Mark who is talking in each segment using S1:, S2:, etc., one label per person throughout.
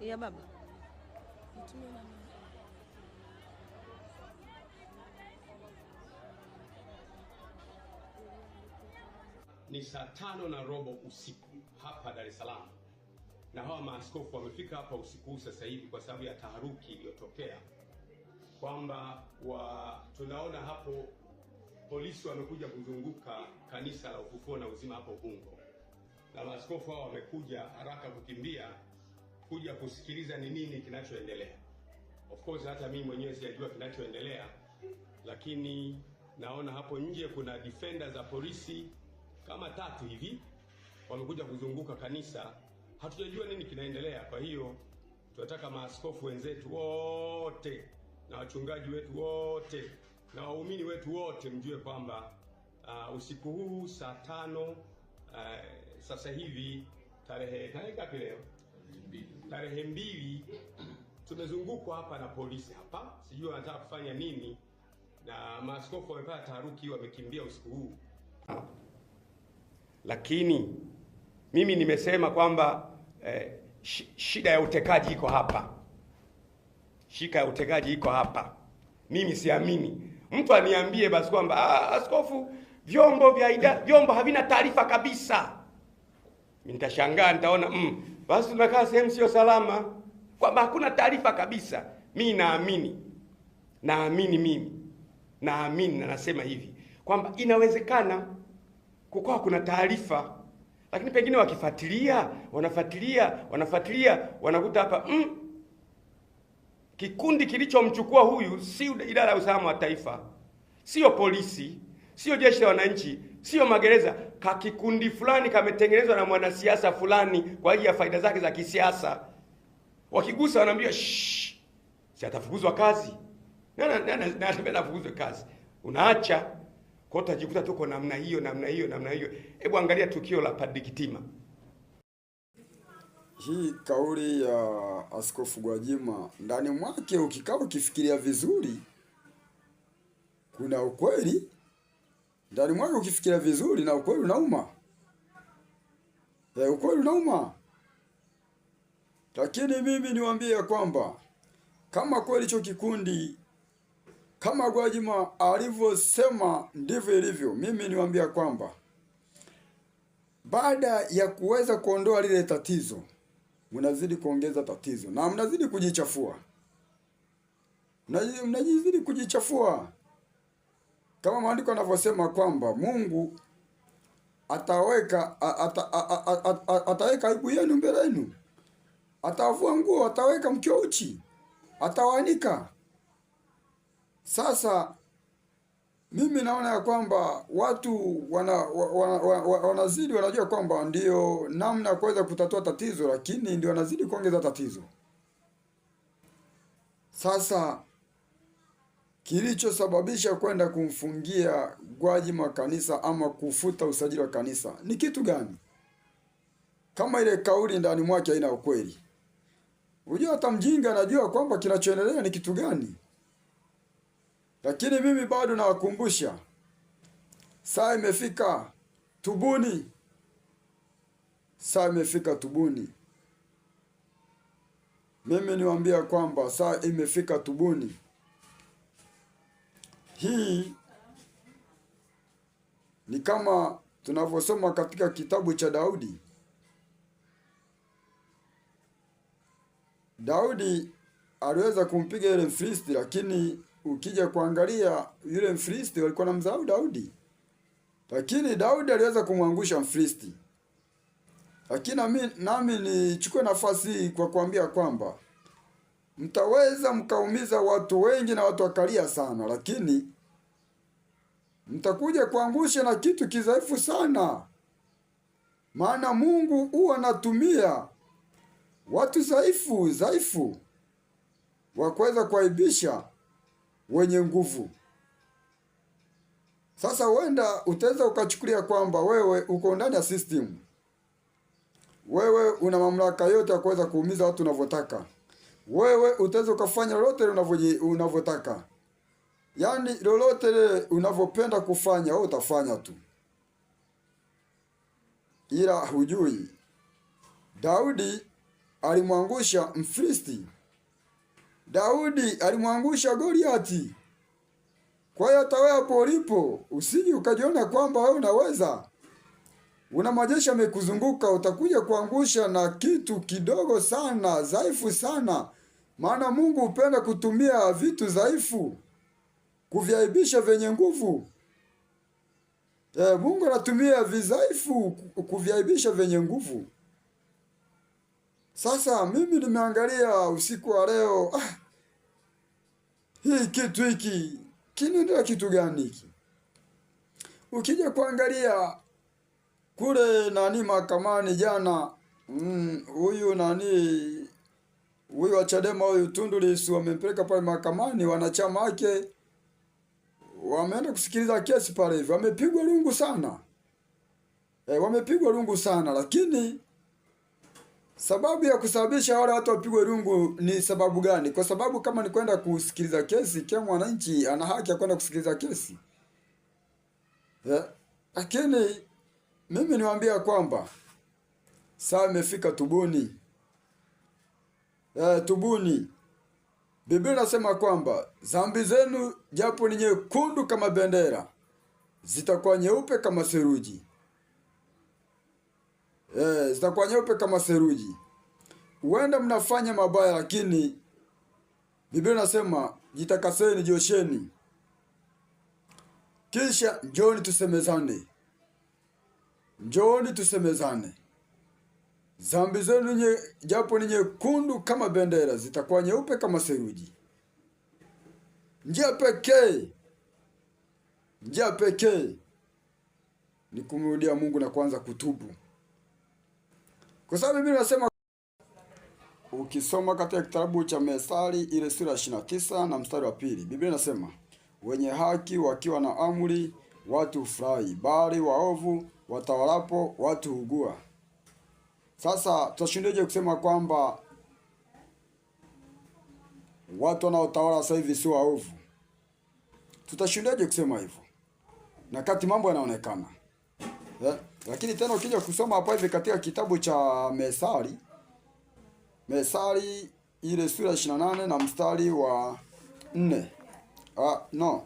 S1: ya baba ni saa tano na robo usiku hapa Dar es Salaam, na hawa maaskofu wamefika hapa usiku huu sasa hivi kwa sababu ya taharuki iliyotokea kwamba wa tunaona hapo polisi wamekuja kuzunguka kanisa la Ufufuo na Uzima hapo Ubungo, na maaskofu hao wamekuja haraka kukimbia kuja kusikiliza ni nini kinachoendelea. Of course hata mimi mwenyewe sijajua kinachoendelea, lakini naona hapo nje kuna defender za polisi kama tatu hivi wamekuja kuzunguka kanisa, hatujajua nini kinaendelea. Kwa hiyo tunataka maaskofu wenzetu wote na wachungaji wetu wote na waumini wetu wote mjue kwamba uh, usiku huu saa tano uh, sasa hivi tarehe
S2: tarehe ngapi leo?
S1: tarehe mbili tumezungukwa hapa na polisi hapa, sijui wanataka kufanya nini, na maaskofu wamepata taharuki, wamekimbia usiku huu. Lakini mimi nimesema kwamba eh, shida ya utekaji iko hapa, shika ya utekaji iko hapa. Mimi siamini mtu aniambie basi kwamba ah, askofu, vyombo vya ida, vyombo havina taarifa kabisa. Nitashangaa, nitaona mm, basi tunakaa sehemu sio salama, kwamba hakuna taarifa kabisa. Mi naamini naamini mimi naamini na nasema hivi kwamba inawezekana kukawa kuna taarifa, lakini pengine wakifuatilia wanafuatilia wanafuatilia wanakuta hapa mm, kikundi kilichomchukua huyu si idara ya usalama wa taifa, sio polisi, sio jeshi la wananchi sio magereza, kakikundi fulani kametengenezwa na mwanasiasa fulani kwa ajili ya faida zake za kisiasa. Wakigusa wanaambia si atafukuzwa kazi, nafukuzwe kazi, unaacha kwa utajikuta tuko namna hiyo namna hiyo namna hiyo. Hebu angalia tukio la Padri Kitima.
S3: Hii kauli ya Askofu Gwajima ndani mwake, ukikaa ukifikiria vizuri, kuna ukweli ndani mwako ukifikiria vizuri, na ukweli unauma. eh, ukweli unauma, lakini mimi niwaambie ya kwamba kama kweli hicho kikundi kama Gwajima alivyosema ndivyo ilivyo. Mimi niwaambia kwamba baada ya kuweza kuondoa lile tatizo, mnazidi kuongeza tatizo na mnazidi kujichafua, mnazidi kujichafua kama maandiko yanavyosema kwamba Mungu ataweka ataweka aibu yenu mbele yenu, atawavua nguo, ataweka mkiwa uchi, atawanika. Sasa mimi naona ya kwamba watu wanazidi wana, wana, wana, wana wanajua kwamba ndiyo namna ya kuweza kutatua tatizo, lakini ndio wanazidi kuongeza tatizo. Sasa kilichosababisha kwenda kumfungia Gwajima kanisa ama kufuta usajili wa kanisa ni kitu gani? Kama ile kauli ndani mwake haina ukweli. Unajua hata mjinga anajua kwamba kinachoendelea ni kitu gani. Lakini mimi bado nawakumbusha, saa imefika, tubuni. Saa imefika, tubuni. Mimi niwaambia kwamba saa imefika, tubuni. Hii ni kama tunavyosoma katika kitabu cha Daudi. Daudi aliweza kumpiga yule Mfilisti, lakini ukija kuangalia yule Mfilisti walikuwa na mzao Daudi, lakini Daudi aliweza kumwangusha Mfilisti. Lakini nami nichukue nafasi hii kwa kuambia kwamba mtaweza mkaumiza watu wengi na watu wakalia sana, lakini mtakuja kuangusha na kitu kidhaifu sana. Maana Mungu huwa anatumia watu dhaifu dhaifu wakuweza kuaibisha wenye nguvu. Sasa wenda utaweza ukachukulia kwamba wewe uko ndani ya system, wewe una mamlaka yote ya kuweza kuumiza watu unavyotaka wewe utaweza ukafanya lolote unavyotaka, yaani lolote unavyopenda kufanya wewe utafanya tu, ila hujui Daudi alimwangusha Mfilisti, Daudi alimwangusha Goliati. Kwa hiyo hata wewe hapo ulipo usije ukajiona kwamba wewe unaweza, una majeshi yamekuzunguka, utakuja kuangusha na kitu kidogo sana, dhaifu sana, maana Mungu hupenda kutumia vitu dhaifu kuviaibisha vyenye nguvu. E, Mungu anatumia vidhaifu kuviaibisha vyenye nguvu. Sasa mimi nimeangalia usiku wa leo, ah, hii kitu hiki kinaendelea kitu gani hiki? Ukija kuangalia kule nani mahakamani jana, mm, huyu mm, nani huyu wa Chadema huyu Tundu Lissu wamempeleka pale mahakamani, wanachama wake wameenda kusikiliza kesi pale hivyo wamepigwa rungu sana e, wamepigwa rungu sana lakini sababu ya kusababisha wale watu wapigwe rungu ni sababu gani? Kwa sababu kama ni kwenda kusikiliza kesi, kila mwananchi ana haki ya kwenda kusikiliza kesi eh, lakini mimi niwaambia kwamba saa imefika tubuni uh, tubuni. Biblia nasema kwamba zambi zenu japo ni nyekundu kama bendera zitakuwa nyeupe kama seruji. Eh, zitakuwa nyeupe kama seruji. Huenda mnafanya mabaya, lakini Biblia nasema jitakaseni, josheni, kisha njoni tusemezane, njoni tusemezane. Dhambi zenu nye, japo ni nyekundu kama bendera, zitakuwa nyeupe kama seruji. Njia pekee, njia pekee ni kumrudia Mungu na kuanza kutubu, kwa sababu Biblia inasema ukisoma katika kitabu cha Methali ile sura ya tisa na mstari wa pili, Biblia inasema wenye haki wakiwa na amri watu furahi bali waovu watawalapo watu hugua. Sasa tutashindaje kusema kwamba watu wanaotawala sasa hivi si waovu? Tutashindaje kusema hivyo na kati mambo yanaonekana yeah? Lakini tena ukija kusoma hapa hivi katika kitabu cha Mesali, Mesali ile sura 28 na mstari wa 4. Ah, no.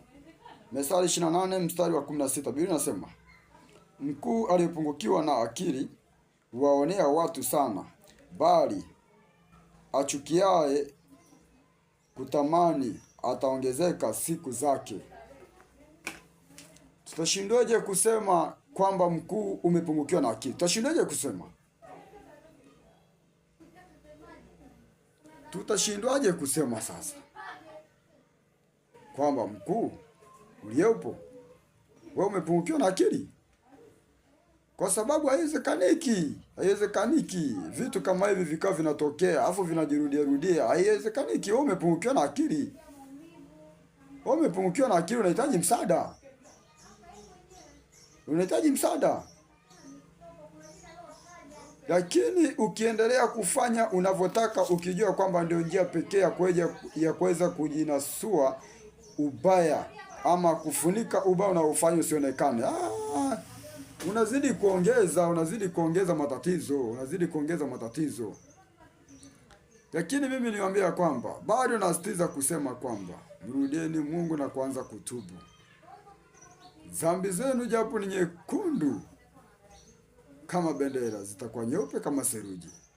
S3: Mesali 28 mstari wa 16 Biblia inasema mkuu aliyepungukiwa na akili huwaonea watu sana, bali achukiaye kutamani ataongezeka siku zake. Tutashindweje kusema kwamba mkuu umepungukiwa na akili? Tutashindweje kusema? Tutashindwaje kusema sasa kwamba mkuu uliopo wewe umepungukiwa na akili? kwa sababu haiwezekaniki, haiwezekaniki vitu kama hivi vikao vinatokea afu vinajirudia rudia, haiwezekaniki. Wewe umepungukiwa na akili, wewe umepungukiwa na akili, unahitaji msaada, unahitaji msaada. Lakini ukiendelea kufanya unavyotaka, ukijua kwamba ndio njia pekee ya kuweza kujinasua ubaya ama kufunika ubaya unaofanya usionekane ah unazidi kuongeza, unazidi kuongeza matatizo, unazidi kuongeza matatizo. Lakini mimi niwaambia kwamba bado nasitiza kusema kwamba mrudieni Mungu na kuanza kutubu dhambi zenu, japo ni nyekundu kama bendera, zitakuwa nyeupe kama seruji.